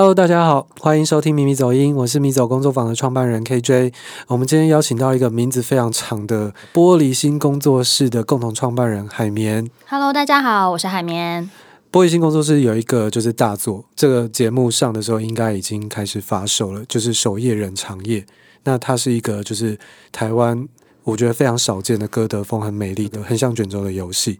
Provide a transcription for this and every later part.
Hello，大家好，歡迎收聽《迷迷走音》，我是迷走工作坊的創辦人 KJ。我們今天邀請到一個名字非常長的玻璃心工作室的共同創辦人海綿。Hello，大家好，我是海綿。玻璃心工作室有一個就是大作，這個節目上的時候應該已經開始發售了，就是《守夜人長夜》。那它是一個就是台灣我覺得非常少見的歌德風，很美麗的，很像卷軸的遊戲。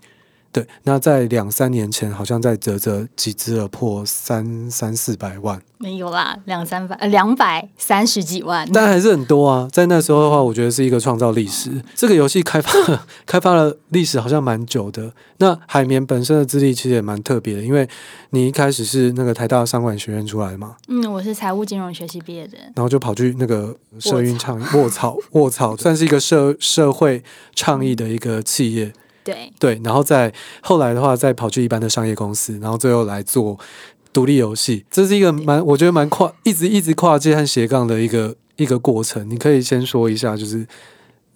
那在兩三年前，好像在嘖嘖集資了破三三四百萬，沒有啦，兩三百呃兩百三十幾萬，啊，但還是很多啊。在那時候的話，我覺得是一個創造歷史。這個遊戲開發了開發了歷史好像蠻久的。那海綿本身的資歷其實也蠻特別的，因為你一開始是那個台大商管學院出來的嘛。嗯，我是財務金融學習畢業的，然後就跑去那個社運倡。沃草沃草，沃草，沃草，算是一個社社會倡議的一個企業。嗯對對，然後再後來的話，再跑去一般的商業公司，然後最後來做獨立遊戲，這是一個蠻，我覺得蠻跨，一直一直跨界和斜槓的一個一個過程。你可以先說一下，就是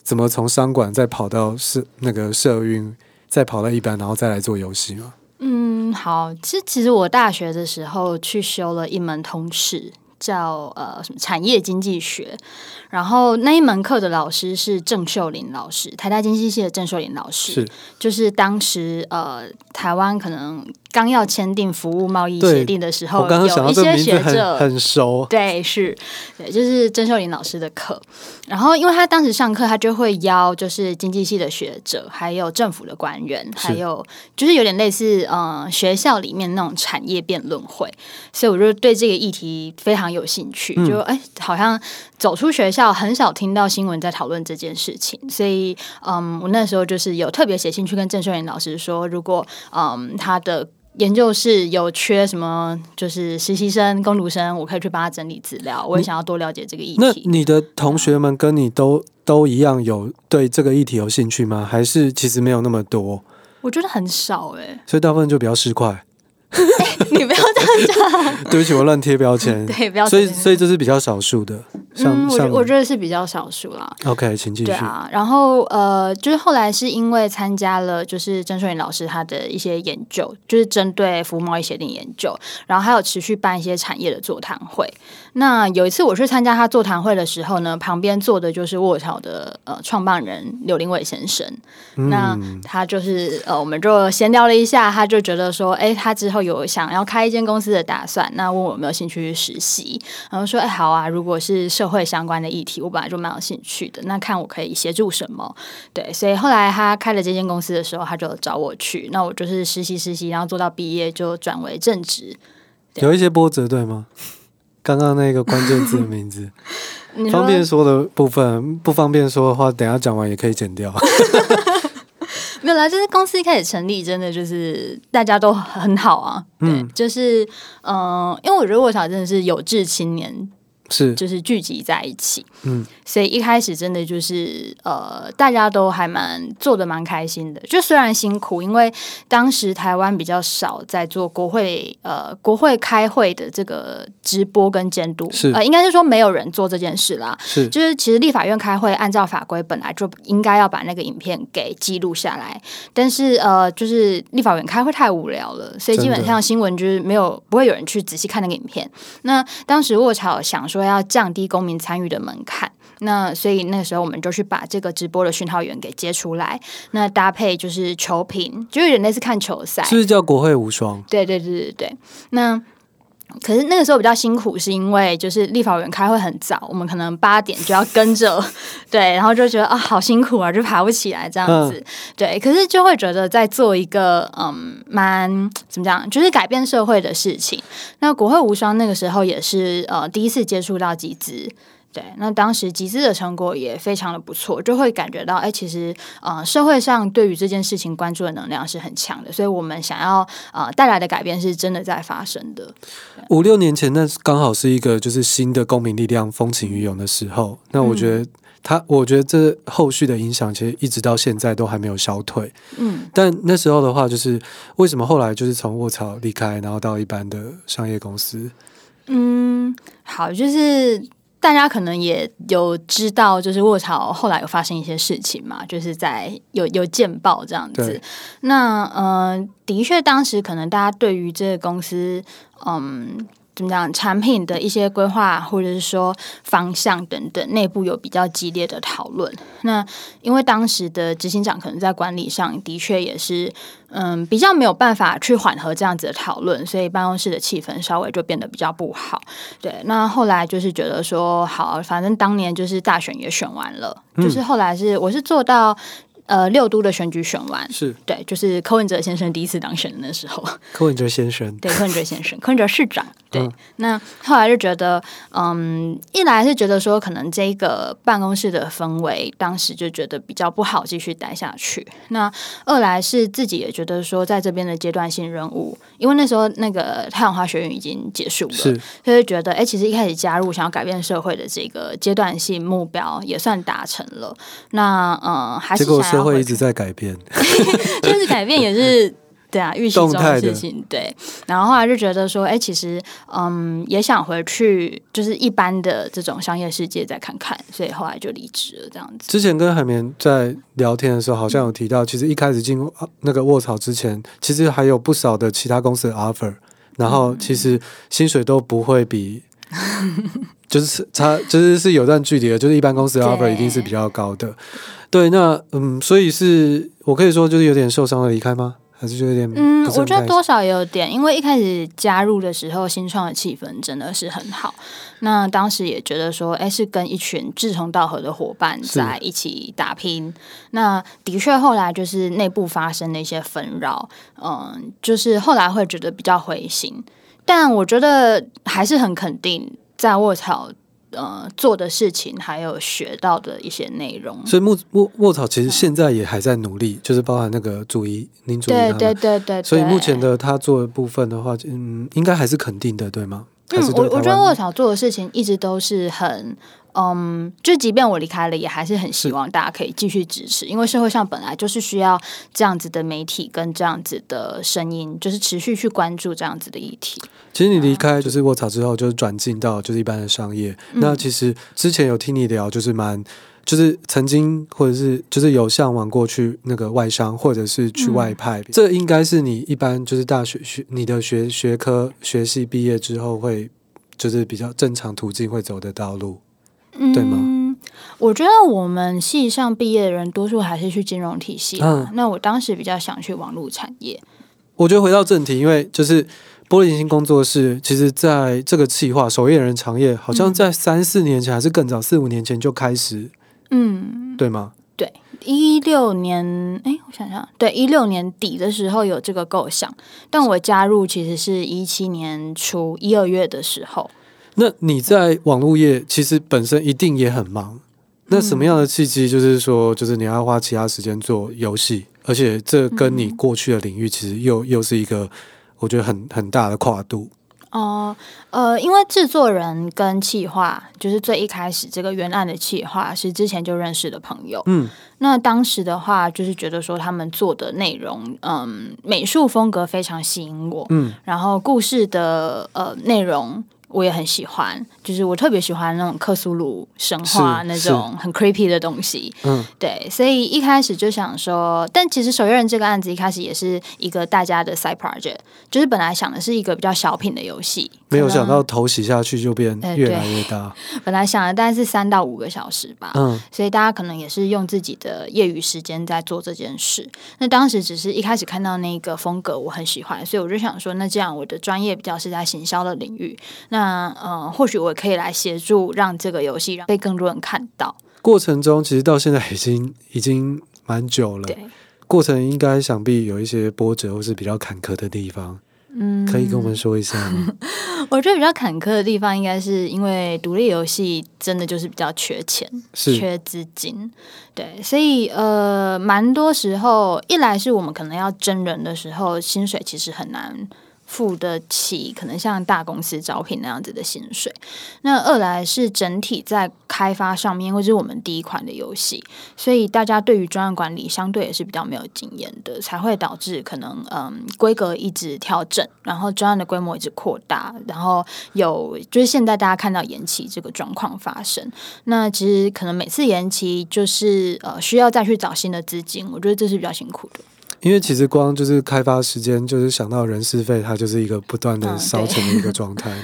怎麼從商管再跑到社那個社運，再跑到一般，然後再來做遊戲嗎？嗯，好，其實其實我大學的時候去修了一門通識。叫呃，什麼產業經濟學，然後那一門課的老師是鄭秀玲老師，台大經濟系的鄭秀玲老師，是就是當時呃台灣可能。剛要簽訂服務貿易協定的時候，我剛剛想有一些學者、這個、很，很熟，對，是，對，就是鄭秀玲老師的課。然後，因為他當時上課，他就會邀就是經濟系的學者，還有政府的官員，還有就是有點類似呃學校裡面那種產業辯論會。所以我就對這個議題非常有興趣，就哎、嗯，好像走出學校很少聽到新聞在討論這件事情。所以，嗯，我那時候就是有特別寫信去跟鄭秀玲老師說，如果嗯他的。研究室有缺什麼？就是實習生、工讀生，我可以去幫他整理資料。我也想要多了解這個議題。你那你的同學們跟你都都一樣有對這個議題有興趣嗎？還是其實沒有那麼多？我覺得很少誒、欸。所以大部分就比較失快。 欸、你不要這樣講。 對不起，我亂貼標籤。 對，所以所以這是比較少數的。嗯，我覺我覺得是比較少數啦。OK，請繼續。對啊，然後呃，就是後來是因為參加了就是曾順雲老師他的一些研究，就是針對服務貿易協定研究，然後還有持續辦一些產業的座談會。那有一次我去參加他座談會的時候呢，旁邊坐的就是臥槽的呃創辦人柳林偉先生。嗯、那他就是呃，我們就閒聊了一下，他就覺得說，哎，他之後有想要開一間公司的打算，那問我有沒有興趣去實習，然後說，哎，好啊，如果是社會相關的議題，我本來就蠻有興趣的。那看我可以協助什麼，對，所以後來他開了這間公司的時候，他就找我去。那我就是實習實習，然後做到畢業就轉為正職。有一些波折，對嗎？剛剛那個關鍵字的名字， 方便說的部分， 不方便說的話，等下講完也可以剪掉。 沒有啦，就是公司一開始成立，真的就是大家都很好啊。對嗯，就是嗯、呃，因為我覺得我小真的是有志青年。是，就是聚集在一起，嗯，所以一開始真的就是呃，大家都還蠻做得蠻開心的。就雖然辛苦，因為當時台灣比較少在做國會呃國會開會的這個直播跟監督，是、呃、應該是說沒有人做這件事啦。是，就是其實立法院開會按照法規本來就應該要把那個影片給記錄下來，但是呃，就是立法院開會太無聊了，所以基本上新聞就是沒有不會有人去仔細看那個影片。那當時沃草想說。要降低公民參與的門檻，那所以那個時候我們就去把這個直播的訊號源給接出來，那搭配就是球評，就有點類似看球賽，是不是叫國會無雙？對對對對對，那。可是那個時候比較辛苦，是因為就是立法院開會很早，我們可能八點就要跟着， 對，然後就覺得啊、哦，好辛苦啊，就爬不起來這樣子，嗯、對。可是就會覺得在做一個嗯蠻怎麼講，就是改變社會的事情。那國會無雙那個時候也是呃第一次接觸到集資。對，那當時集資的成果也非常的不錯，就會感覺到，哎，其實，呃，社會上對於這件事情關注的能量是很強的，所以我們想要，呃，帶來的改變是真的在發生的。五六年前，那剛好是一個就是新的公民力量風起雲湧的時候，那我覺得他、嗯，我覺得這後續的影響其實一直到現在都還沒有消退。嗯，但那時候的話，就是為什麼後來就是從沃草離開，然後到一般的商業公司？嗯，好，就是。大家可能也有知道，就是沃草，後來有發生一些事情嘛，就是在有有見報這樣子。那嗯、呃，的確當時可能大家對於這個公司，嗯。怎麼講？產品的一些規劃，或者是說方向等等，內部有比較激烈的討論。那因為當時的執行長可能在管理上的確也是，嗯，比較沒有辦法去緩和這樣子的討論，所以辦公室的氣氛稍微就變得比較不好。對，那後來就是覺得說，好，反正當年就是大選也選完了，嗯，就是後來是我是做到。呃，六都的選舉選完是對，就是柯文哲先生第一次當選的那時候，柯文哲先生對柯文哲先生， 柯文哲市長，對。啊、那後來就覺得，嗯，一來是覺得說，可能這一個辦公室的氛圍，當時就覺得比較不好繼續待下去。那二來是自己也覺得說，在這邊的階段性任務，因為那時候那個太陽花學運已經結束了，所以覺得，哎、欸，其實一開始加入想要改變社會的這個階段性目標也算達成了。那嗯，還是想。都會一直在改變， 就是改變也是對啊，預期中的事情，動態的，對。然後後來就覺得說，哎、欸，其實嗯，也想回去，就是一般的這種商業世界再看看，所以後來就離職了這樣子。之前跟海綿在聊天的時候，好像有提到，嗯、其實一開始進那個臥槽之前，其實還有不少的其他公司的 offer，然後其實薪水都不會比，嗯、就是差，就是是有段距離的，就是一般公司的 offer 一定是比較高的。對，那嗯，所以是我可以說就是有點受傷的離開嗎？還是就有點不受傷？嗯，我覺得多少有點，因為一開始加入的時候，新創的氣氛真的是很好。那當時也覺得說，哎，是跟一群志同道合的夥伴在一起打拼。那的確後來就是內部發生的一些紛擾，嗯，就是後來會覺得比較灰心。但我覺得還是很肯定，在臥槽。呃，做的事情還有學到的一些內容，所以沃沃沃草其實現在也還在努力，就是包含那個主義、您主義。主，對對對對。所以目前的他做的部分的話，嗯，應該還是肯定的，對嗎？嗯，是我我覺得沃草做的事情一直都是很。嗯、um，就即便我離開了，也還是很希望大家可以繼續支持，因為社會上本來就是需要這樣子的媒體跟這樣子的聲音，就是持續去關注這樣子的議題。其實你離開就是沃草之後，就是轉進到就是一般的商業。嗯、那其實之前有聽你聊，就是蠻、嗯、就是曾經或者是就是有嚮往過去那個外商，或者是去外派、嗯。這應該是你一般就是大學學你的學學科學系畢業之後會就是比較正常途徑會走的道路。嗯、對嗎？我覺得我們系上畢業的人，多數還是去金融體系，啊。那我當時比較想去網絡產業。我覺得回到正題，因為就是玻璃心工作室，其實在這個企劃《守夜人長夜》，好像在三四年前，嗯、還是更早四五年前就開始。嗯，對嗎？對，一六年，哎，我想想，對，一六年底的時候有這個構想，但我加入其實是一七年初一二月的時候。那你在網絡業其實本身一定也很忙。那什麼樣的契機，就是說，就是你要花其他時間做遊戲，而且這跟你過去的領域其實又又是一個，我覺得很很大的跨度。哦、嗯，呃，因為制作人跟企劃，就是最一開始這個原案的企劃是之前就認識的朋友。嗯，那當時的話，就是覺得說他們做的內容，嗯，美術風格非常吸引我。嗯，然後故事的呃內容。我也很喜歡，就是我特別喜歡那種克蘇魯神話那種很 creepy 的東西。嗯，對，所以一開始就想說，但其實《守夜人》這個案子一開始也是一個大家的 side project，就是本來想的是一個比較小品的遊戲，沒有想到頭洗下去就變越來越大。嗯。本來想的大概是三到五個小時吧，嗯，所以大家可能也是用自己的業餘時間在做這件事。那當時只是一開始看到那個風格我很喜歡，所以我就想說，那這樣我的專業比較是在行銷的領域，那。那嗯、呃，或許我可以來協助，讓這個遊戲讓被更多人看到。過程中，其實到現在已經已經蠻久了。對，過程應該想必有一些波折或是比較坎坷的地方。嗯，可以跟我們說一下嗎？ 我覺得比較坎坷的地方，應該是因為獨立遊戲真的就是比較缺錢，是缺資金。對，所以呃，蠻多時候，一來是我們可能要徵人的時候，薪水其實很難。付得起可能像大公司招聘那樣子的薪水，那二來是整體在開發上面，或者我們第一款的遊戲，所以大家對於專案管理相對也是比較沒有經驗的，才會導致可能嗯規格一直調整，然後專案的規模一直擴大，然後有就是現在大家看到延期這個狀況發生，那其實可能每次延期就是呃需要再去找新的資金，我覺得這是比較辛苦的。因為其實光就是開發時間，就是想到人事費，它就是一個不斷的燒錢的一個狀態。嗯，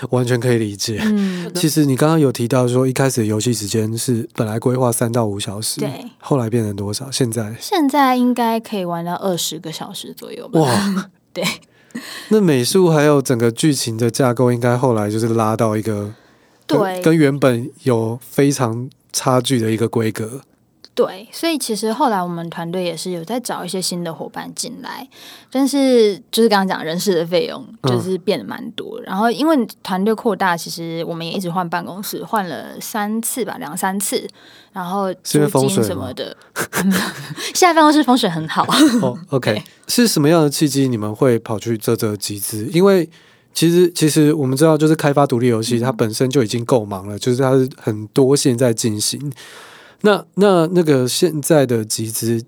那完全可以理解。嗯。其實你剛剛有提到說，一開始遊戲時間是本來規劃三到五小時，對，後來變成多少？現在現在應該可以玩到二十個小時左右吧？哇，對。那美術還有整個劇情的架構，應該後來就是拉到一個對，跟原本有非常差距的一個規格。對，所以其實後來我們團隊也是有在找一些新的夥伴進來，但是就是剛剛講人事的費用就是變得蠻多，嗯，然後因為團隊擴大，其實我們也一直換辦公室，換了三次吧，兩三次，然後租金什麼的。 現在辦公室風水很好。 哦，OK，是什麼樣的契機你們會跑去這這集資？因為其實其實我們知道，就是開發獨立遊戲，嗯，它本身就已經夠忙了，就是它是很多線在進行。那那那個現在的集資，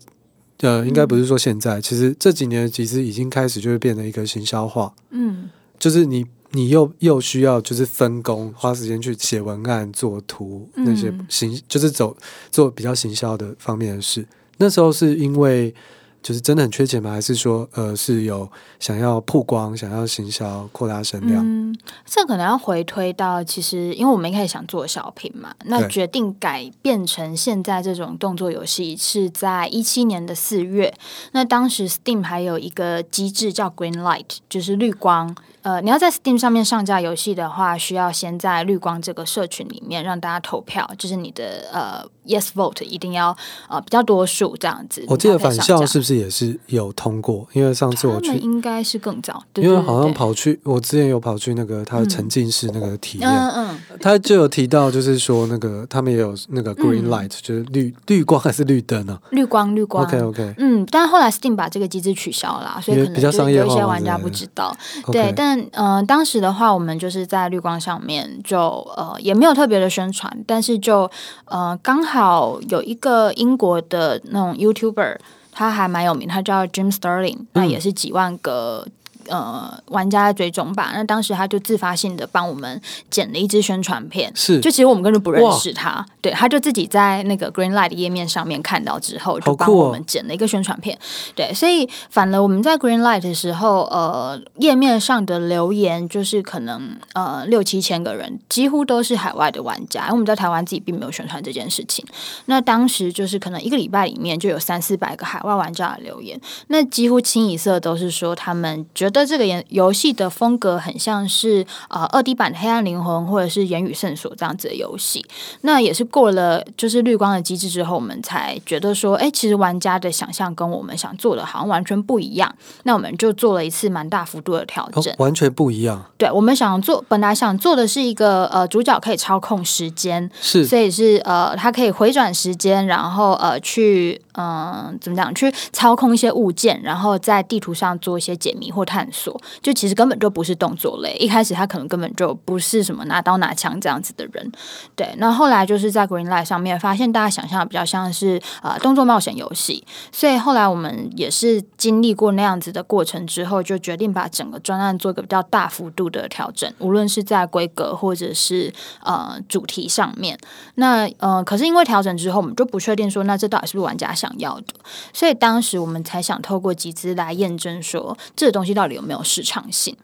呃，應該不是說現在，嗯、其實這幾年集資已經開始就是變成一個行銷化，嗯，就是你你又又需要就是分工，花時間去寫文案、做圖那些行，就是走做比較行銷的方面的事。那時候是因為。就是真的很缺錢嗎？還是說，呃，是有想要曝光、想要行銷、擴大聲量？嗯，這可能要回推到其實，因為我們一開始想做小品嘛，那決定改變成現在這種動作遊戲是在一七年的四月。那當時 Steam 還有一個機制叫 Green Light，就是綠光。呃，你要在 Steam 上面上架遊戲的話，需要先在綠光這個社群裡面讓大家投票，就是你的呃 Yes Vote 一定要呃比較多數這樣子。我記得返校是不是？這也是有通過，因為上次我去，應該是更早對對，因為好像跑去，我之前有跑去那個他的沉浸式那個體驗，嗯嗯，嗯，他就有提到，就是說那個他們也有那個 green light、嗯、就是綠綠光還是綠燈啊？綠光綠光，OK OK，嗯，但後來 Steam 把這個機制取消了，所以可能有些玩家不知道，okay。對，但嗯、呃，當時的話，我們就是在綠光上面就呃也沒有特別的宣傳，但是就呃剛好有一個英國的那種 YouTuber。他還蠻有名，他叫 Jim Sterling，、嗯、那也是幾萬個。呃，玩家的追蹤吧。那當時他就自發性的幫我們剪了一支宣傳片，是。就其實我們根本不認識他，對，他就自己在那個 Green Light 頁面上面看到之後，就幫我們剪了一個宣傳片，哦，對。所以反而，我們在 Green Light 的時候，呃，頁面上的留言就是可能呃六七千個人，幾乎都是海外的玩家，因為我們在台灣自己並沒有宣傳這件事情。那當時就是可能一個禮拜裡面就有三四百個海外玩家的留言，那幾乎清一色都是說他們覺得。覺得這個遊戲的風格很像是呃二 D 版《黑暗靈魂》或者是《鹽與聖所》這樣子的遊戲。那也是過了就是綠光的機制之後，我們才覺得說，哎，其實玩家的想象跟我們想做的好像完全不一樣。那我們就做了一次蠻大幅度的調整，哦、完全不一樣。對，我們想做，本來想做的是一個呃主角可以操控時間，是，所以是呃他可以回轉時間，然後呃去嗯、呃、怎麼講，去操控一些物件，然後在地圖上做一些解謎或探索。所就其實根本就不是動作類，一開始他可能根本就不是什麼拿刀拿槍這樣子的人，對。那後來就是在 Greenlight 上面發現大家想象的比較像是啊、呃，動作冒險遊戲，所以後來我們也是經歷過那樣子的過程之後，就決定把整個專案做一個比較大幅度的調整，無論是在規格或者是呃主題上面。那呃可是因為調整之後，我們就不確定說那這到底是不是玩家想要的，所以當時我們才想透過集資來驗證說這個東西到底。有沒有市場性？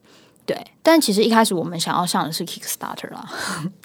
對，但其實一開始我們想要上的是 Kickstarter 啦，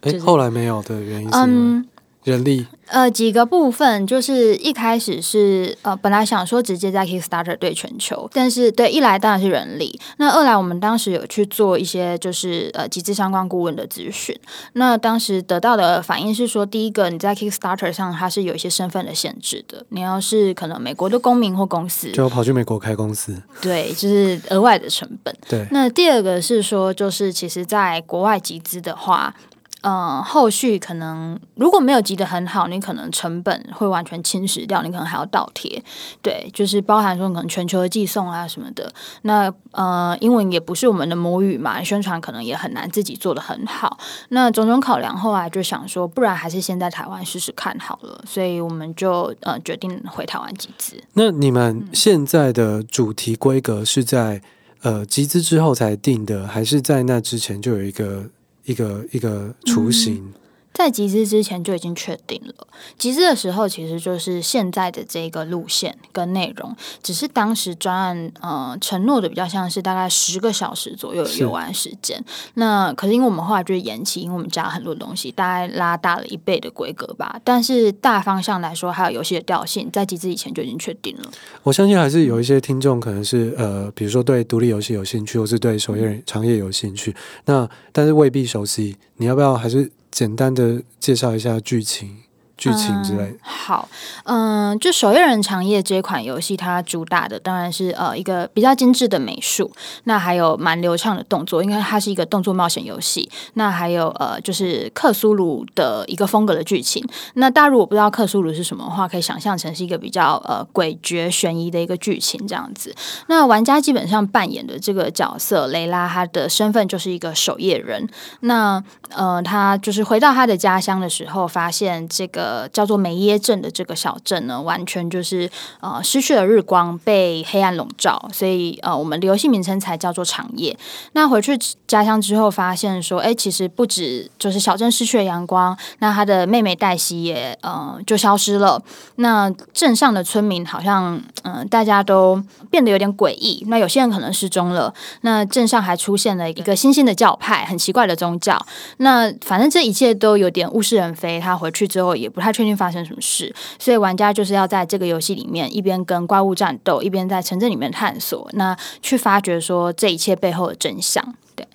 欸就是、後來沒有的原因是、嗯。人力呃，幾個部分就是一開始是呃，本來想說直接在 Kickstarter 對全球，但是對一來當然是人力，那二來我們當時有去做一些就是呃，集資相關顧問的諮詢，那當時得到的反應是說，第一個你在 Kickstarter 上它是有一些身份的限制的，你要是可能美國的公民或公司，就跑去美國開公司，對，就是額外的成本，對。那第二個是說，就是其實在國外集資的話。嗯、呃，後續可能如果沒有集得很好，你可能成本會完全侵蝕掉，你可能還要倒貼。對，就是包含說可能全球的寄送啊什麼的。那呃，英文也不是我們的母語嘛，宣傳可能也很難自己做得很好。那種種考量後來就想說，不然還是先在台灣試試看好了。所以我們就呃決定回台灣集資。那你們現在的主題規格是在呃集資之後才定的，還是在那之前就有一個？一個一個雛形。嗯在集資之前就已經確定了，集資的時候其實就是現在的這個路線跟內容，只是當時專案呃承諾的比較像是大概十個小時左右的遊玩時間，那可是因為我們後來就是延期，因為我們加了很多東西，大概拉大了一倍的規格吧。但是大方向來說，還有遊戲的調性，在集資以前就已經確定了。我相信還是有一些聽眾可能是呃，比如說對獨立遊戲有興趣，或是對守夜人長夜有興趣，那但是未必熟悉。你要不要還是？簡單的介紹一下劇情。劇情之類、嗯。好，嗯，就《守夜人長夜》這一款遊戲，它主打的當然是呃一個比較精緻的美術，那還有蠻流暢的動作，因為它是一個動作冒險遊戲。那還有呃，就是克蘇魯的一個風格的劇情。那大家如果不知道克蘇魯是什麼的話，可以想象成是一個比較呃詭譎懸疑的一個劇情這樣子。那玩家基本上扮演的這個角色雷拉，他的身份就是一個守夜人。那呃，他就是回到他的家鄉的時候，發現這個。呃，叫做梅耶鎮的這個小鎮呢，完全就是呃失去了日光，被黑暗籠罩，所以呃，我們的遊戲名稱才叫做長夜。那回去家鄉之後，發現說，哎，其實不止就是小鎮失去了陽光，那他的妹妹黛西也呃就消失了。那鎮上的村民好像嗯、呃、大家都變得有點詭異，那有些人可能失蹤了。那鎮上還出現了一個新興的教派，很奇怪的宗教。那反正這一切都有點物是人非。他回去之後也。不太確定發生什麼事，所以玩家就是要在這個遊戲裡面一邊跟怪物戰鬥，一邊在城鎮裡面探索，那去發掘說這一切背後的真相。對，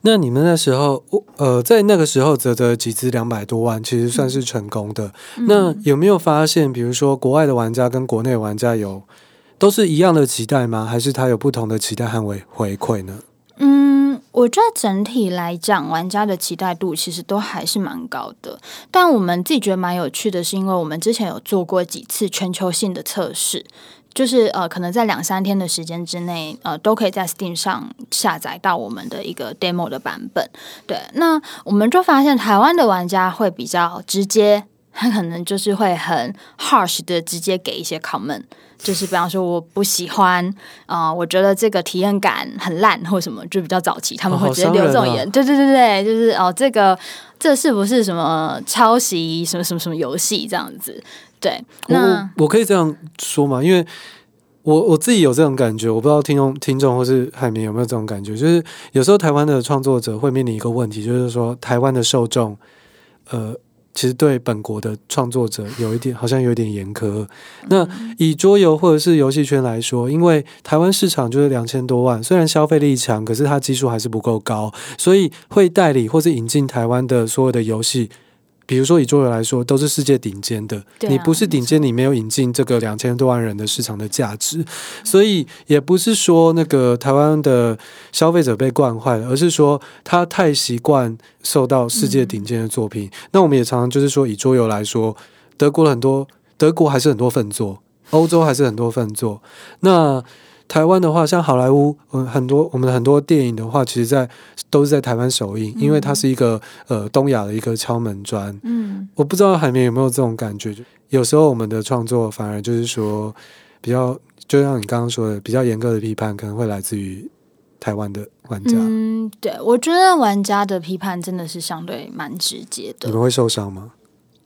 那你們那時候，呃，在那個時候，嘖嘖，集資兩百多萬，其實算是成功的。嗯。那有沒有發現，比如說國外的玩家跟國內玩家有都是一樣的期待嗎？還是他有不同的期待和回饋呢？嗯。我覺得整體來講，玩家的期待度其實都還是蠻高的。但我們自己覺得蠻有趣的是，因為我們之前有做過幾次全球性的測試，就是呃，可能在兩三天的時間之內，呃，都可以在 Steam 上下載到我們的一個 demo 的版本。對，那我們就發現台灣的玩家會比較直接，他可能就是會很 harsh 的直接給一些 comment。就是比方說，我不喜歡啊、呃，我覺得這個體驗感很爛，或什麼，就比較早期，他們會直接留這種言，對、哦啊、對對對，就是哦、呃，這個這是不是什麼抄襲，什麼什麼什麼遊戲這樣子？對，嗯、那我,我可以這樣說嘛，因為我我自己有這種感覺，我不知道聽眾聽眾或是海綿有沒有這種感覺，就是有時候台灣的創作者會面臨一個問題，就是說台灣的受眾，呃。其實對本國的創作者有一點，好像有一點嚴苛。那以桌遊或者是遊戲圈來說，因為台灣市場就是兩千多萬，雖然消費力強，可是它基數還是不夠高，所以會代理或是引進台灣的所有的遊戲。比如說以桌遊來說，都是世界頂尖的。啊、你不是頂尖，你沒有引進這個兩千多萬人的市場的價值。所以也不是說那個台灣的消費者被慣壞了，而是說他太習慣受到世界頂尖的作品。嗯、那我們也常常就是說，以桌遊來說，德國很多，德國還是很多份作，歐洲還是很多份作。那台灣的話，像好萊塢，我們很多，我們很多電影的話，其實在都是在台灣首映。嗯，因為它是一個呃東亞的一個敲門磚。嗯，我不知道海綿有沒有這種感覺，有時候我們的創作反而就是說比較，就像你剛剛說的，比較嚴格的批判可能會來自於台灣的玩家。嗯，對我覺得玩家的批判真的是相對蠻直接的。你們會受傷嗎？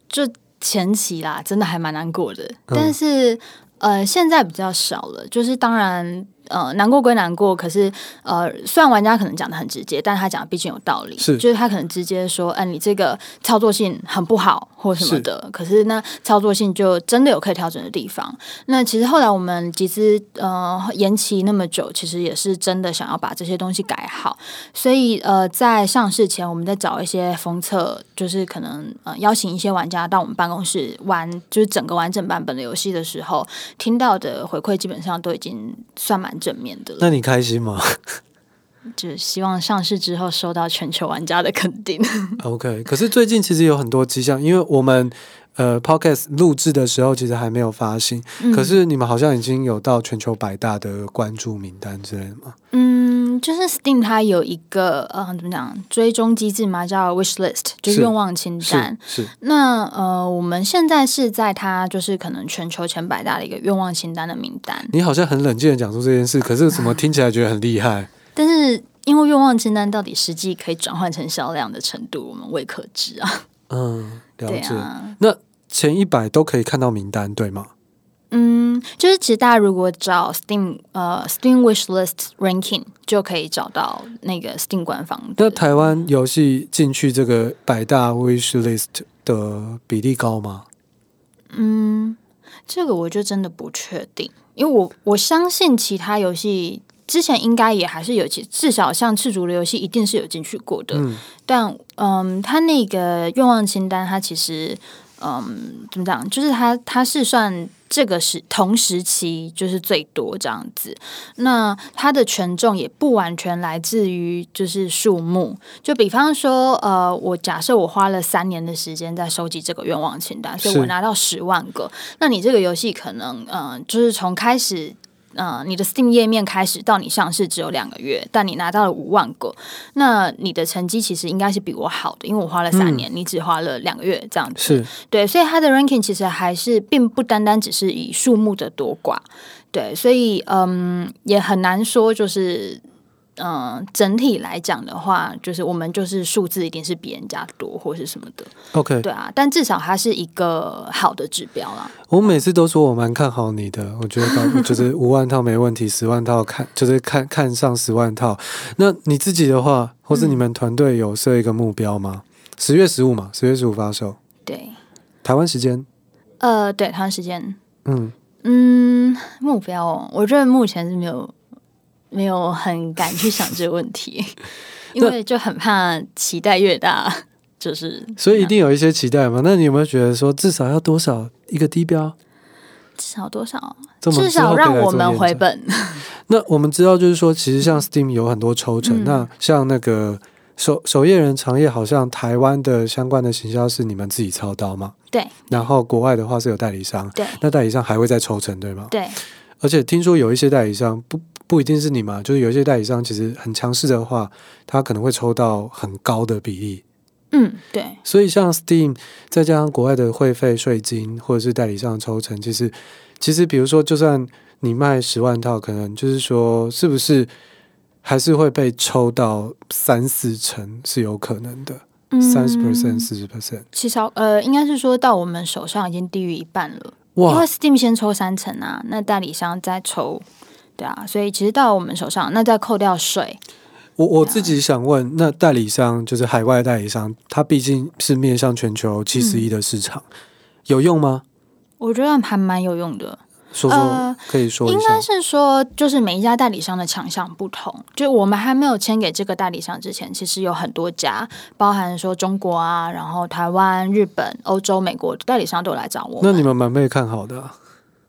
就前期啦，真的還蠻難過的，嗯，但是。呃，現在比較少了，就是當然。呃，難過歸難過，可是呃，雖然玩家可能講的很直接，但他講的畢竟有道理，是，就是他可能直接說，哎、呃，你這個操作性很不好或什麼的，是，可是那操作性就真的有可以調整的地方。那其實後來我們集資，呃，延期那麼久，其實也是真的想要把這些東西改好。所以呃，在上市前，我們在找一些封測，就是可能呃邀請一些玩家到我們辦公室玩，就是整個完整版本的遊戲的時候，聽到的回饋基本上都已經算滿。正面的，那你開心嗎？就希望上市之後受到全球玩家的肯定。OK，可是最近其實有很多跡象，因為我們呃 Podcast 錄製的時候其實還沒有發行。嗯，可是你們好像已經有到全球百大的關注名單之類的嗎？嗯。就是 Steam 它有一個呃，怎麼講追蹤機制嘛，叫 Wishlist，就是願望清單。是。是是，那呃，我們現在是在它就是可能全球前百大的一個願望清單的名單。你好像很冷靜的講出這件事，可是怎麼聽起來覺得很厲害？ 但是因為願望清單到底實際可以轉換成銷量的程度，我們未可知啊。嗯，了解。 對啊。那前一百都可以看到名單，對嗎？嗯，就是其實大家如果找 Steam，呃，Steam Wishlist Ranking，就可以找到那個 Steam 官方的。那台灣遊戲進去這個百大 Wishlist 的比例高嗎？嗯，這個我就真的不確定，因為我我相信其他遊戲之前應該也還是有進，至少像赤燭的遊戲一定是有進去過的。嗯，但嗯，它那個願望清單，它其實嗯怎麼講，就是它它是算。這個是同時期就是最多這樣子，那它的權重也不完全來自於就是數目，就比方說，呃，我假設我花了三年的時間在收集這個願望清單，所以我拿到十萬個，那你這個遊戲可能，嗯、呃，就是從開始。嗯、呃，你的 Steam 頁面開始到你上市只有兩個月，但你拿到了五萬個，那你的成績其實應該是比我好的，因為我花了三年，嗯、你只花了兩個月這樣子，是對，所以他的 ranking 其實還是並不單單只是以數目的多寡，對，所以嗯，也很難說就是。嗯，整體來講的話，就是我們就是數字一定是比人家多或者是什麼的。OK，對啊，但至少它是一個好的指標啦。我每次都說我蠻看好你的， 我覺得就是五萬套沒問題，十萬套看就是看看上十萬套。那你自己的話，或是你們團隊有設一個目標嗎？十、嗯、月十五嘛，十月十五發售，對，台灣時間。呃，對，台灣時間。嗯嗯，目標，我覺得目前是沒有。沒有很敢去想這個問題， 因為就很怕期待越大，就是所以一定有一些期待嘛。那你有沒有覺得說至少要多少一個低標？至少多少？這麼至少這麼讓我們回本。 那我們知道，就是說，其實像 Steam 有很多抽成。嗯、那像那個《守守夜人長夜》，好像台灣的相關的行銷是你們自己操刀嗎？對。然後國外的話是有代理商，對。那代理商還會再抽成，對嗎？對。而且聽說有一些代理商不。不一定是你嘛，就是有一些代理商其實很強勢的話，他可能會抽到很高的比例。嗯，對。所以像 Steam 再加上國外的會費、稅金或者是代理商抽成，其實其實比如說，就算你賣十萬套，可能就是說，是不是還是會被抽到三四成是有可能的，三十 percent、四十 percent，其實，呃，應該是說到我們手上已經低於一半了。哇，因為 Steam 先抽三成啊，那代理商再抽。對啊，所以其實到我們手上，那再扣掉稅，我我自己想問，啊、那代理商就是海外代理商，他畢竟是面向全球七十億的市場，嗯，有用嗎？我覺得還蠻有用的。說說、呃、可以說一下，應該是說，就是每一家代理商的強項不同。就我們還沒有簽給這個代理商之前，其實有很多家，包含說中國啊，然後台灣、日本、歐洲、美國代理商都來找我。那你們蠻被看好的、啊。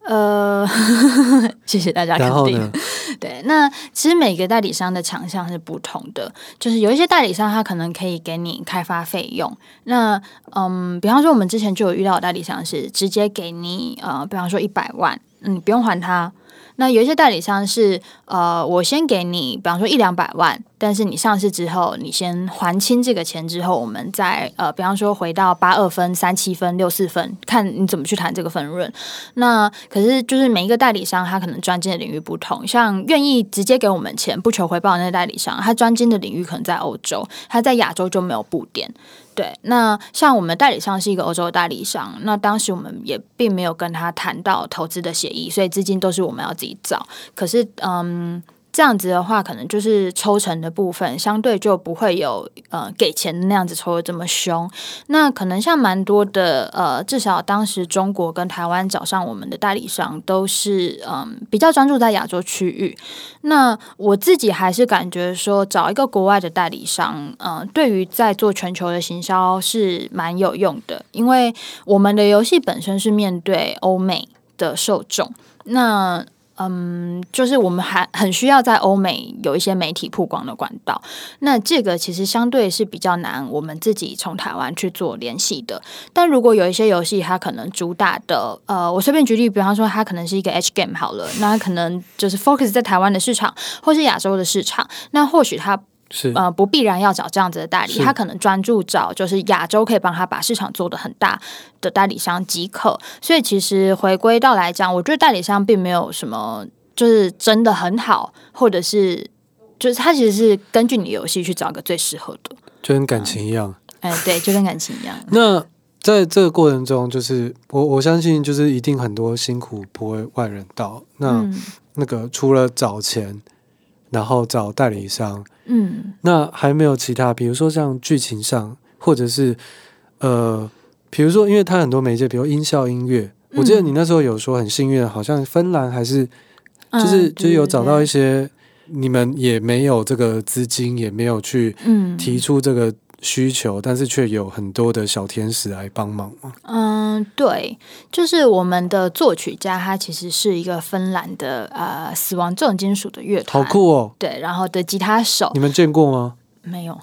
呃， 謝謝大家肯定。 對，那其實每個代理商的強項是不同的，就是有一些代理商他可能可以給你開發費用，那嗯，比方說我們之前就有遇到代理商是直接給你呃，比方說一百萬，你不用還他。那有一些代理商是呃，我先給你，比方說一兩百萬。但是你上市之後，你先還清這個錢之後，我們再呃，比方說回到八二分、三七分、六四分，看你怎麼去談這個分潤。那可是就是每一個代理商他可能專精的領域不同，像願意直接給我們錢不求回報的那些代理商，他專精的領域可能在歐洲，他在亞洲就沒有布點。對，那像我們代理商是一個歐洲的代理商，那當時我們也並沒有跟他談到投資的協議，所以資金都是我們要自己找。可是嗯。這樣子的話，可能就是抽成的部分相對就不會有呃給錢的那樣子抽的這麼兇。那可能像蠻多的呃，至少當時中國跟台灣找上我們的代理商都是嗯、呃、比較專注在亞洲區域。那我自己還是感覺說找一個國外的代理商，嗯、呃，對於在做全球的行銷是蠻有用的，因為我們的遊戲本身是面對歐美的受眾。那嗯，就是我們還很需要在歐美有一些媒體曝光的管道。那這個其實相對是比較難，我們自己從台灣去做聯繫的。但如果有一些遊戲，它可能主打的，呃，我隨便舉例，比方說它可能是一個 H Game 好了，那它可能就是 focus 在台灣的市場或是亞洲的市場，那或許它。是呃，不必然要找這樣子的代理，他可能專注找就是亞洲可以幫他把市場做得很大的代理商即可。所以其實回歸到來講，我覺得代理商並沒有什麼就是真的很好，或者是就是他其實是根據你的遊戲去找個最適合的，就跟感情一樣。哎、嗯嗯，對，就跟感情一樣。 那在這個過程中，就是我我相信就是一定很多辛苦不會外人道。那、嗯、那個除了找錢。然後找代理商，嗯，那還沒有其他，比如說像劇情上，或者是呃，比如說，因為它很多媒介，比如音效音樂，嗯，我記得你那時候有說很幸運，好像芬蘭還是，就是，啊，就有找到一些，你們也沒有這個資金，也沒有去提出這個。嗯需求，但是卻有很多的小天使來幫忙嗎？嗯，對，就是我們的作曲家，他其實是一個芬蘭的呃死亡重金屬的樂團，好酷哦！對，然後的吉他手，你們見過嗎？沒有，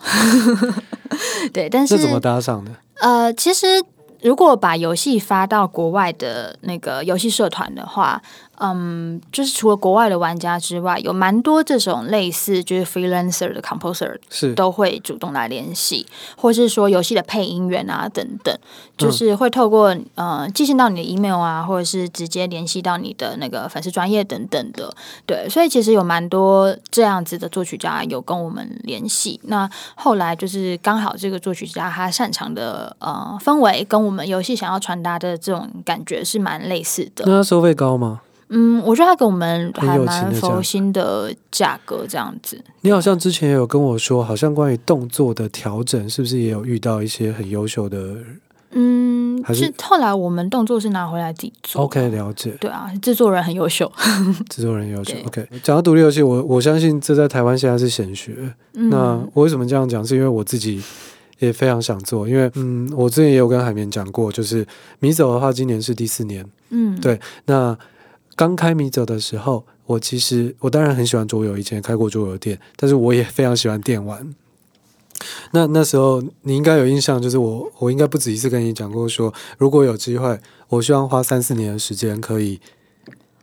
對，但是 那怎麼搭上的？呃，其實如果把遊戲發到國外的那個遊戲社團的話。嗯、um，就是除了國外的玩家之外，有蠻多這種類似就是 freelancer 的 composer 是都會主動來聯繫，或是說遊戲的配音員啊等等，就是會透過、嗯、呃寄信到你的 email 啊，或者是直接聯繫到你的那個粉絲專頁等等的。對，所以其實有蠻多這樣子的作曲家有跟我們聯繫。那後來就是剛好這個作曲家他擅長的呃氛圍跟我們遊戲想要傳達的這種感覺是蠻類似的。那收費高嗎？嗯，我覺得他給我們還蠻佛心的價格，這樣子這樣。你好像之前也有跟我說，好像關於動作的調整，是不是也有遇到一些很優秀的人？嗯是，是後來我們動作是拿回來自己做的。OK，了解。對啊，製作人很優秀。製作人很優秀。 OK，講到獨立遊戲，我我相信這在台灣現在是顯學。嗯。那我為什麼這樣講？是因為我自己也非常想做，因為嗯，我之前也有跟海綿講過，就是迷走的話，今年是第四年。嗯，對。那剛開迷走的時候，我其實我當然很喜歡桌遊，以前開過桌遊店，但是我也非常喜歡電玩。那那時候你應該有印象，就是我我應該不止一次跟你講過說，說如果有機會，我希望花三四年的時間，可以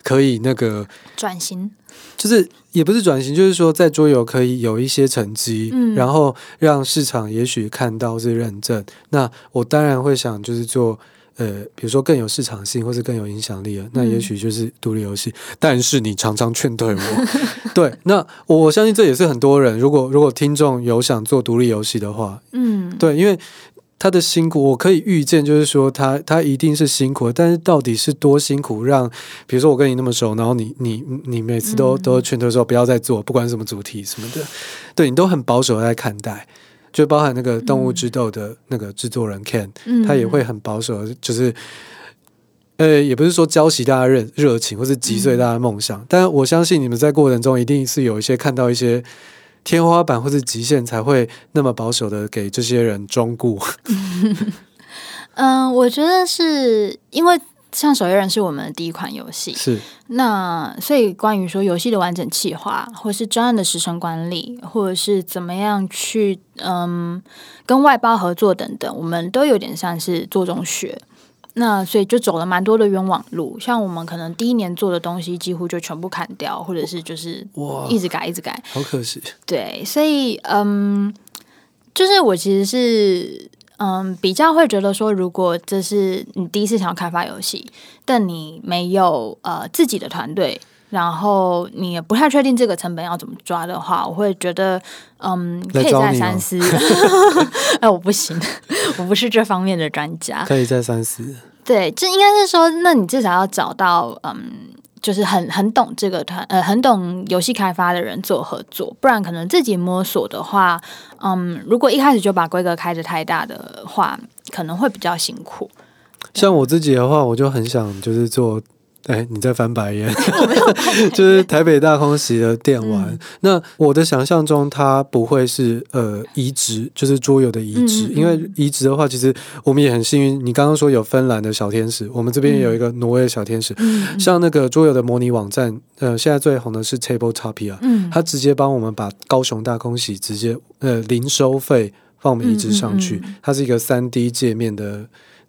可以那個轉型，就是也不是轉型，就是說在桌遊可以有一些成績，嗯，然後讓市場也許看到是認證。那我當然會想，就是做。呃，比如說更有市場性，或者更有影響力了，那也許就是獨立遊戲。嗯、但是你常常勸退我， 對。那我相信這也是很多人，如果如果聽眾有想做獨立遊戲的話，嗯，對，因為他的辛苦，我可以預見，就是說他他一定是辛苦，但是到底是多辛苦讓？讓比如說我跟你那麼熟，然後你你你每次都、嗯、都勸退說不要再做，不管什麼主題什麼的，對你都很保守在看待。就包含那個《動物之鬥》的那個製作人 Ken、嗯、他也會很保守，就是，嗯、呃，也不是說澆熄大家熱熱情，或是擊碎大家夢想、嗯，但我相信你們在過程中一定是有一些看到一些天花板或是極限，才會那麼保守的給這些人忠告、嗯。 嗯，我覺得是因為。像《守夜人》是我們的第一款遊戲，是。那，所以關於說遊戲的完整企劃，或是專案的時程管理，或者是怎麼樣去嗯跟外包合作等等，我們都有點像是做中學。那所以就走了蠻多的冤枉路，像我們可能第一年做的東西幾乎就全部砍掉，或者是就是哇一直改一直改，好可惜。對，所以嗯，就是我其實是。嗯，比較會覺得說，如果這是你第一次想要開發遊戲，但你沒有呃自己的團隊，然後你也不太確定這個成本要怎麼抓的話，我會覺得嗯可以再三思。哎、哦 呃，我不行，我不是這方面的專家，可以再三思。對，這應該是說，那你至少要找到嗯。就是很很懂這個團，呃，很懂遊戲開發的人做合作，不然可能自己摸索的話，嗯，如果一開始就把規格開得太大的話，可能會比較辛苦。像我自己的話，我就很想就是做。哎，你在翻白眼？ 就是台北大空襲的電玩、嗯。那我的想象中，它不會是呃移植，就是桌遊的移植嗯嗯。因為移植的話，其實我們也很幸運。你剛剛說有芬蘭的小天使，我們這邊有一個挪威的小天使。嗯嗯像那個桌遊的模擬網站，呃，現在最紅的是 Tabletopia，它直接幫我們把高雄大空襲直接呃零收費放我們移植上去。嗯嗯嗯，它是一個三 D 界面的。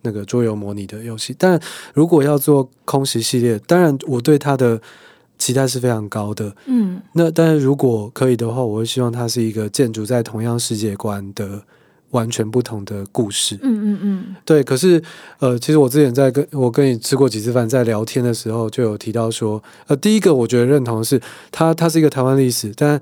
那個桌遊模擬的遊戲，但如果要做空襲系列，當然我對它的期待是非常高的。嗯，那但是如果可以的話，我會希望它是一個建築在同樣世界觀的完全不同的故事。嗯嗯嗯，對。可是呃，其實我之前在跟我跟你吃過幾次飯，在聊天的時候就有提到說，呃，第一個我覺得認同的是，它它是一個台灣歷史，但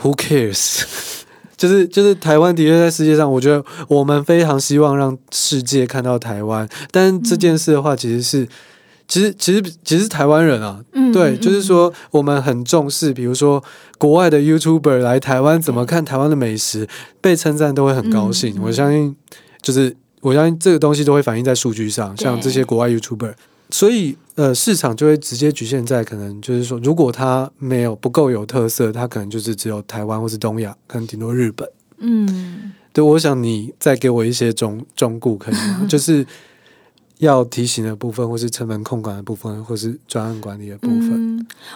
who cares？就是就是台灣的確在世界上，我覺得我們非常希望讓世界看到台灣。但這件事的話，其實是，嗯、其實其實其實台灣人啊、嗯，對，就是說我們很重視，比如說國外的 YouTuber 來台灣怎麼看台灣的美食，被稱讚都會很高興、嗯。我相信，就是我相信這個東西都會反映在數據上，像這些國外 YouTuber。所以，呃，市場就會直接局限在可能就是說，如果它沒有不夠有特色，它可能就是只有台灣或是東亞，可能頂多日本。嗯，對，我想你再給我一些忠忠告可以嗎？ 就是要提醒的部分，或是成本控管的部分，或是專案管理的部分。嗯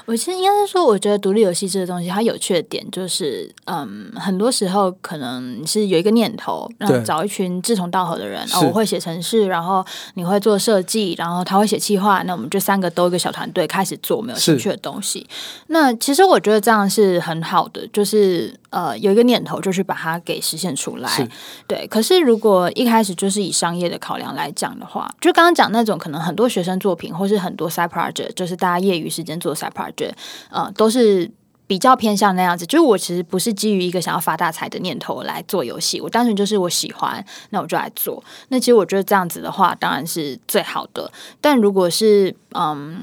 我其實應該是說，我覺得獨立遊戲這個東西，它有趣的點就是，嗯，很多時候可能是有一個念頭，然後找一群志同道合的人，哦，然後我會寫程式，然後你會做設計，然後他會寫企劃，那我們就三個都一個小團隊開始做沒有興趣的東西。那其實我覺得這樣是很好的，就是。呃，有一個念頭就去把它給實現出來，對。可是如果一開始就是以商業的考量來講的話，就剛剛講那種可能很多學生作品，或是很多 side project，就是大家業餘時間做 side project，呃，都是比較偏向那樣子。就是我其實不是基於一個想要發大財的念頭來做遊戲，我單純就是我喜歡，那我就來做。那其實我覺得這樣子的話，當然是最好的。但如果是嗯。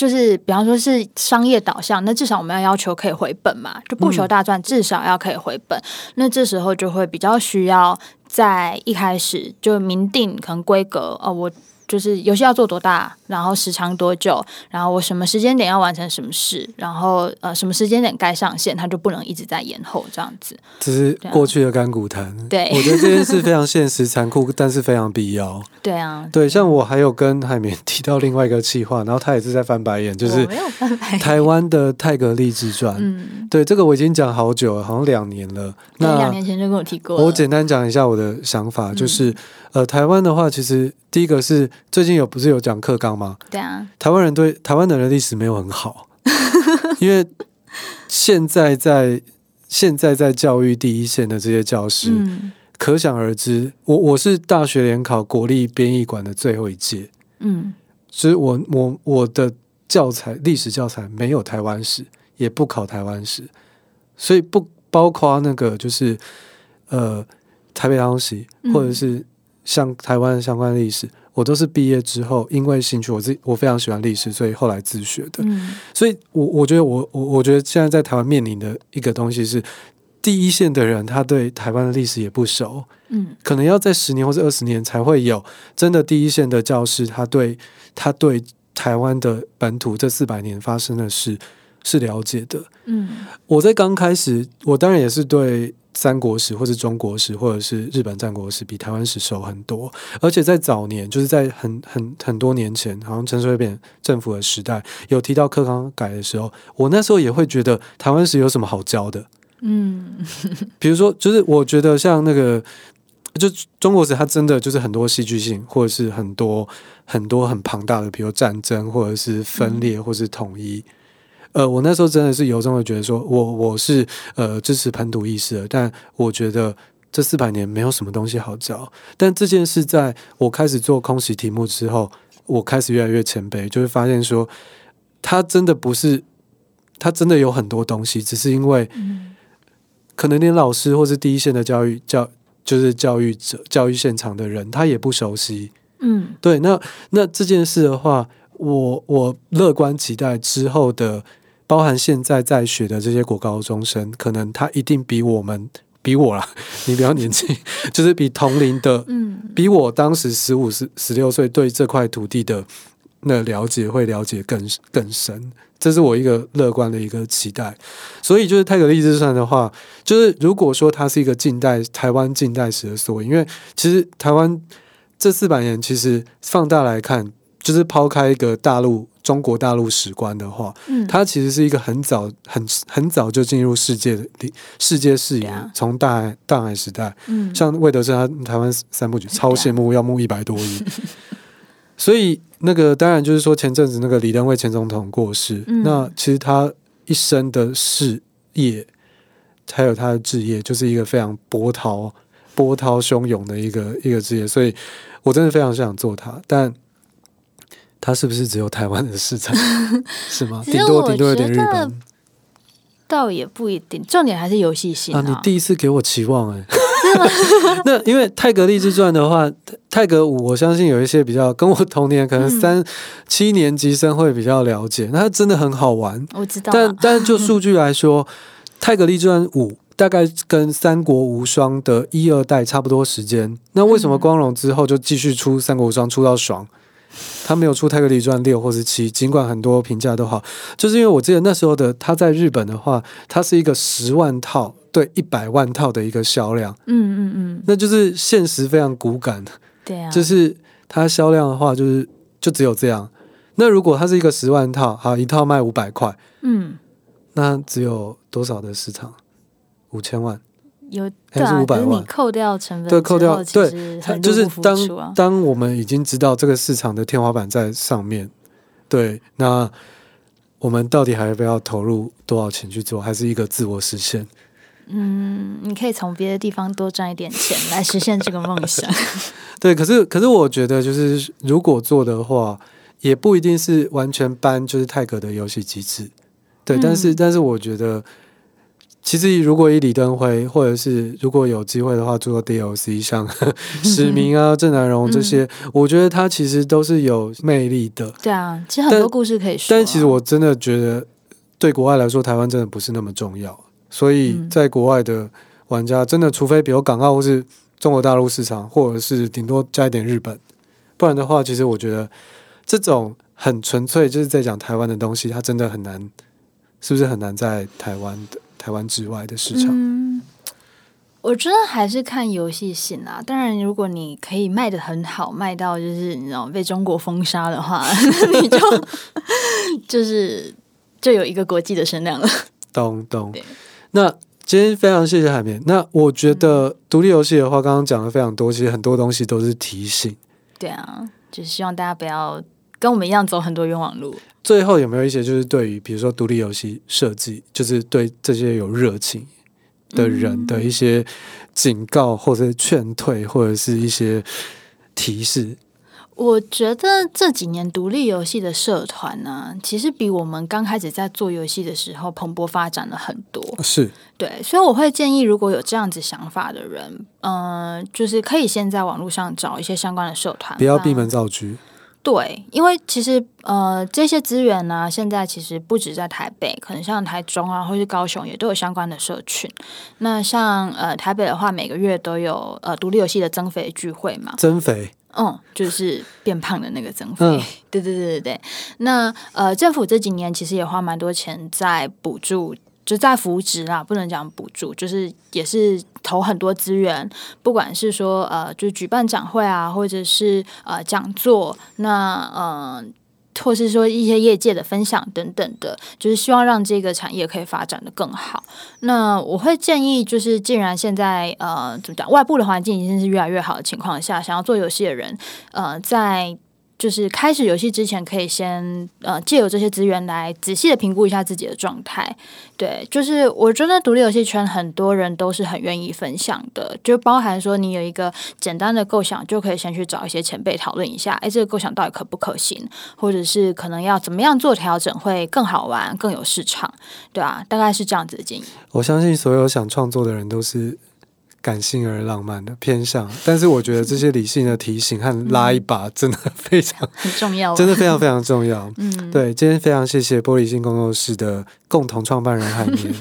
就是，比方說，是商業導向，那至少我們要要求可以回本嘛，就不求大賺、嗯，至少要可以回本。那這時候就會比較需要在一開始就明定可能規格哦，我。就是遊戲要做多大，然後時長多久，然後我什麼時間點要完成什麼事，然後呃，什麼時間點該上線，它就不能一直在延後這樣子。這是過去的甘苦談。對啊，我覺得這件事非常現實、殘酷， 但是非常必要。對啊，對，像我還有跟海綿提到另外一個企劃，然後他也是在翻白眼，我沒有翻白眼。就是台灣的太閤立志傳，嗯，對，這個我已經講好久了，好像兩年了。那兩年前就跟我提過了。我簡單講一下我的想法，就是。嗯呃，台灣的話，其實第一個是最近有不是有講課綱嗎？對啊，台灣人對台灣的人歷史沒有很好， 因為現在在現在在教育第一線的這些教師、嗯，可想而知，我我是大學聯考國立編譯館的最後一屆，嗯，所以我我我的教材歷史教材沒有台灣史，也不考台灣史，所以不包括那個就是呃台北的東西或者是、嗯。像台灣的相關歷史，我都是畢業之後因為興趣，我自己我非常喜歡歷史，所以後來自學的。嗯，所以我，我我覺得我我我覺得現在在台灣面臨的一個東西是，第一線的人他對台灣的歷史也不熟，嗯，可能要在十年或者二十年才會有真的第一線的教師他，他對他對台灣的本土這四百年發生的事是了解的。嗯，我在剛開始，我當然也是對。三國史或是中國史或者是日本戰國史比台灣史熟很多，而且在早年，就是在很很很多年前，好像陳水扁政府的時代有提到課綱改的時候，我那時候也會覺得台灣史有什麼好教的？嗯， 比如說，就是我覺得像那個，就中國史它真的就是很多戲劇性，或者是很多很多很龐大的，比如戰爭或者是分裂或者是統一。嗯呃，我那時候真的是由衷的覺得說，我我是呃支持本土意識的，但我覺得這四百年沒有什麼東西好找。但這件事在我開始做空襲題目之後，我開始越來越謙卑，就會發現說，他真的不是，他真的有很多東西，只是因為、嗯，可能連老師或是第一線的教育教就是教育者、教育現場的人，他也不熟悉。嗯，對。那那這件事的話，我我樂觀期待之後的。包含現在在學的這些國高中生，可能他一定比我們比我啦。你比較年輕， 就是比同齡的，嗯，比我當時十五十十六歲對這塊土地的那了解會了解更更深，這是我一個樂觀的一個期待。所以就是太閣立志傳的話，就是如果說它是一個近代台灣近代史的縮影，因為其實台灣這四百年其實放大來看，就是拋開一個大陸。中國大陸史觀的話，他其實是一個很早，很很早就進入世界的世界視野，從大海、大航海時代、嗯，像魏德聖他台灣三部曲、嗯，超羨慕要募一百多億、嗯。所以那個當然就是說，前陣子那個李登輝前總統過世、嗯，那其實他一生的事業還有他的志業，就是一個非常波濤波濤洶湧的一個一個職業，所以我真的非常想做他，但。它是不是只有台灣的市場？ 是嗎？頂多頂多有點日本，倒也不一定。重點還是遊戲性啊！你第一次給我期望哎、欸。 那因為《太閤立志傳》的話， 《太閤五》我相信有一些比較跟我童年可能三、嗯、七年級生會比較了解。那它真的很好玩，我知道。但但就數據來說， 《太閤立志傳五》大概跟《三國無雙》的一二代差不多時間。那為什麼光榮之後就繼續出《三國無雙》，出到爽？他沒有出《泰格裡專六或是七，儘管很多評價都好，就是因為我記得那時候的他在日本的話，它是一個十萬套對一百萬套的一個銷量，嗯嗯嗯，那就是現實非常骨感，對啊，就是它銷量的話，就是就只有這樣。那如果它是一個十萬套，好，一套賣五百塊，嗯，那只有多少的市場？五千萬。有、啊、還是五百萬？扣掉成本，對，扣掉對很多、啊啊，就是當當我們已經知道這個市場的天花板在上面，對，那我們到底還要不要投入多少錢去做？還是一個自我實現？嗯，你可以從別的地方多賺一點錢來實現這個夢想。 對，可是可是我覺得，就是如果做的話，也不一定是完全搬就是泰格的遊戲機制。對，嗯、但是但是我覺得。其實，如果以李登輝，或者是如果有機會的話，做 DLC 像呵史明啊、鄭 南榕這些、 嗯，我覺得他其實都是有魅力的。對、嗯、啊，其實很多故事可以說、啊。但其實我真的覺得，對國外來說，台灣真的不是那麼重要。所以，在國外的玩家真的，除非比如港澳或是中國大陸市場，或者是頂多加一點日本，不然的話，其實我覺得這種很純粹就是在講台灣的東西，它真的很難，是不是很難在台灣的？台灣之外的市場、嗯，我覺得還是看遊戲性啊。當然，如果你可以賣得很好，賣到就是你知道被中國封殺的話， 你就就是就有一個國際的聲量了。咚咚，那今天非常謝謝海綿。那我覺得獨立遊戲的話，剛剛講的非常多，其實很多東西都是提醒。對啊，就是、希望大家不要。跟我們一樣走很多冤枉路，最後有沒有一些就是對於比如說獨立遊戲設計，就是對這些有熱情的人的一些警告或者勸退，或者是一些提示？嗯，我覺得這幾年獨立遊戲的社團呢，啊，其實比我們剛開始在做遊戲的時候蓬勃發展了很多。是，對，所以我會建議如果有這樣子想法的人，嗯，呃，就是可以先在網絡上找一些相關的社團，不要閉門造車。對，因為其實呃，這些資源呢，現在其實不止在台北，可能像台中啊，或是高雄也都有相關的社群。那像呃台北的話，每個月都有呃獨立遊戲的增肥聚會嘛。增肥，嗯，就是變胖的那個增肥。嗯、 對對對對對。那呃，政府這幾年其實也花蠻多錢在補助，就在扶植啦，不能講補助，就是也是。投很多資源，不管是說呃，就舉辦展會啊，或者是呃講座，那呃，或是說一些業界的分享等等的，就是希望讓這個產業可以發展的更好。那我會建議，就是既然現在呃，怎麼講，外部的環境已經是越來越好的情況下，想要做遊戲的人，呃，在。就是開始遊戲之前，可以先呃借由這些資源來仔細的評估一下自己的狀態。對，就是我覺得獨立遊戲圈很多人都是很願意分享的，就包含說你有一個簡單的構想，就可以先去找一些前輩討論一下，哎、欸，這個構想到底可不可行，或者是可能要怎麼樣做調整會更好玩、更有市場，對啊，大概是這樣子的建議。我相信所有想創作的人都是。感性而浪漫的偏向，但是我覺得這些理性的提醒和拉一把真的非常、嗯、很重要、啊，真的非常非常重要。嗯，對，今天非常謝謝玻璃心工作室的共同創辦人海綿。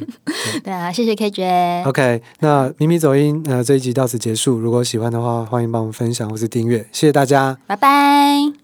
對啊，謝謝 KJ。OK，那迷迷走音，呃，這一集到此結束。如果喜歡的話，歡迎幫我們分享或是訂閱，謝謝大家，拜拜。